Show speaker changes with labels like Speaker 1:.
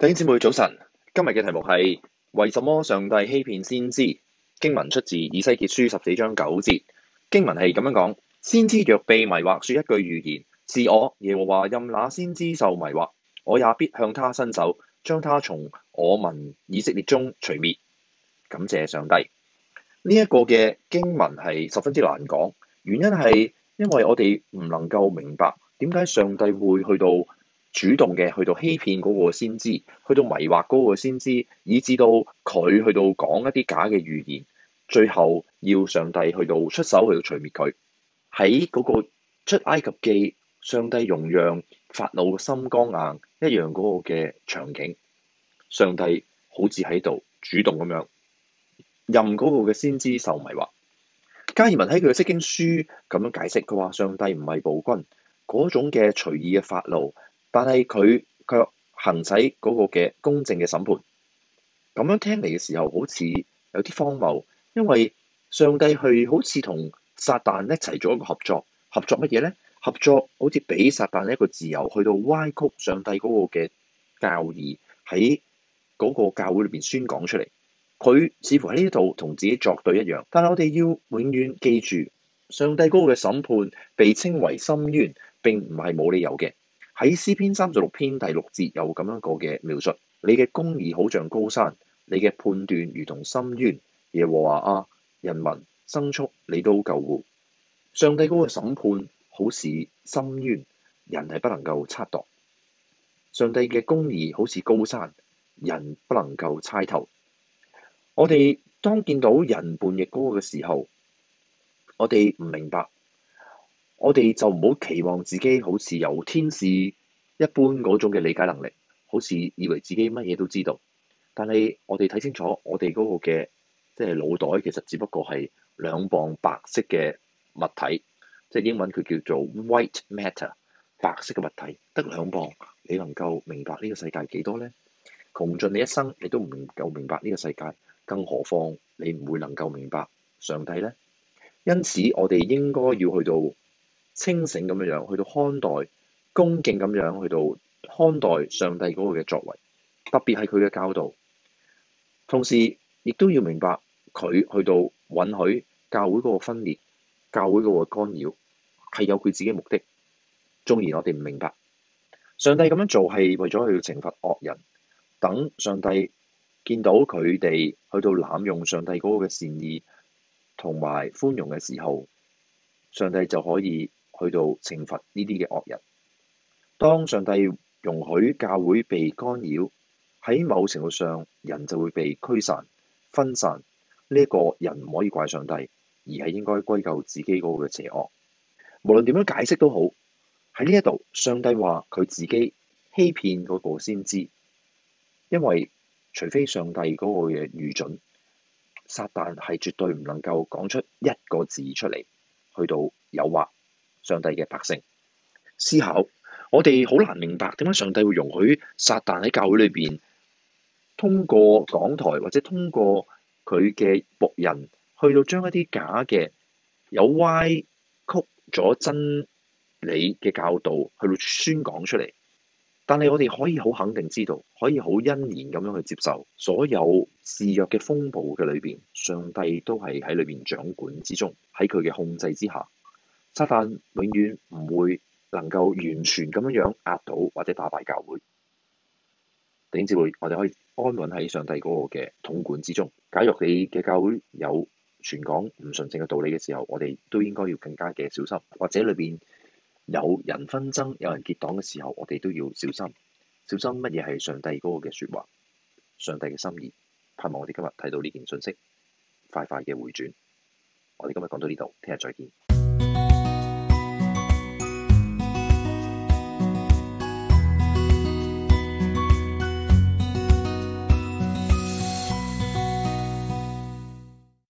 Speaker 1: 弟兄姊妹早晨，今日嘅題目係為什麼上帝欺騙先知？經文出自以西結書十四章九節。經文係咁樣講：先知若被迷惑，說一句預言，是我耶和華任那先知受迷惑，我也必向他伸手，將他從我民以色列中除滅。感謝上帝，呢、這、一個嘅經文係十分之難講，原因係因為我哋唔能夠明白點解上帝會去到。主動嘅去到欺騙嗰個先知，去到迷惑嗰個先知，以致到佢去到講一啲假嘅預言，最後要上帝去到出手去到除滅佢。喺嗰個出埃及記，上帝容讓法老嘅心剛硬一樣嗰個嘅場景，上帝好似喺度主動咁樣任嗰個嘅先知受迷惑。加爾文喺佢嘅《釋經書》咁樣解釋，佢話上帝唔係暴君嗰種嘅隨意嘅法老，但係佢卻行使嗰個嘅公正嘅審判，咁樣聽嚟嘅時候好似有啲荒謬，因為上帝佢好似同撒旦一齊做一個合作，合作乜嘢咧？合作好似俾撒旦一個自由去到歪曲上帝嗰個嘅教義喺嗰個教會裏邊宣講出嚟，佢似乎喺呢度同自己作對一樣。但係我哋要永遠記住，上帝嗰個嘅審判被稱為深淵，並唔係冇理由嘅。喺詩篇三十六篇第六節有咁樣一個嘅描述，你嘅公義好像高山，你嘅判斷如同深淵。耶和華啊，啊，人民牲畜你都救護。上帝嗰個審判好似深淵，人係不能夠測度。上帝嘅公義好似高山，人不能夠猜透。我哋當見到人叛逆嗰個嘅時候，我哋唔明白。我哋就唔好期望自己好似由天使一般嗰種嘅理解能力，好似以為自己乜嘢都知道。但係我哋睇清楚，我哋嗰個嘅即係腦袋其實只不過係兩磅白色嘅物體，即係英文佢叫做 white matter 白色嘅物體得兩磅，你能夠明白呢個世界幾多咧？窮盡你一生，你都唔夠明白呢個世界，更何況你唔會能夠明白上帝咧。因此，我哋應該要去到。清醒咁樣樣，去到看待恭敬咁樣去到看待上帝嗰個嘅作為，特別係佢嘅教導，同時亦都要明白佢去到允許教會嗰個分裂、教會嗰個干擾係有佢自己嘅目的，縱然我哋唔明白上帝咁樣做係為咗去懲罰惡人，等上帝見到佢哋去到濫用上帝嗰個嘅善意同埋寬容嘅時候，上帝就可以。去到懲罰呢啲嘅惡人。當上帝容許教會被干擾，喺某程度上，人就會被驅散、分散。呢一個人唔可以怪上帝，而係應該歸咎自己嗰個嘅邪惡。無論點樣解釋都好，喺呢一度，上帝話佢自己欺騙嗰個先知，因為除非上帝嗰個嘅預準，撒旦係絕對唔能夠講出一個字出嚟，去到誘惑。上帝嘅百姓思考，我哋好難明白點解上帝會容許撒旦喺教會裏邊通過講台，或者通過佢嘅僕人去到將一啲假嘅、有歪曲咗真理嘅教導去到宣講出嚟。但係我哋可以好肯定知道，可以好欣然咁樣去接受所有肆虐嘅風暴嘅裏邊，上帝都係喺裏邊掌管之中，喺佢嘅控制之下。撒但永遠唔會能夠完全咁樣樣壓倒或者打敗教會，頂至會。我哋可以安穩喺上帝嗰個嘅統管之中。假如你嘅教會有傳講唔純正嘅道理嘅時候，我哋都應該要更加嘅小心，或者裏邊有人紛爭、有人結黨嘅時候，我哋都要小心小心乜嘢係上帝嗰個嘅説話、上帝嘅心意。盼望我哋今日睇到呢件信息，快快嘅回轉。我哋今日講到呢度，聽日再見。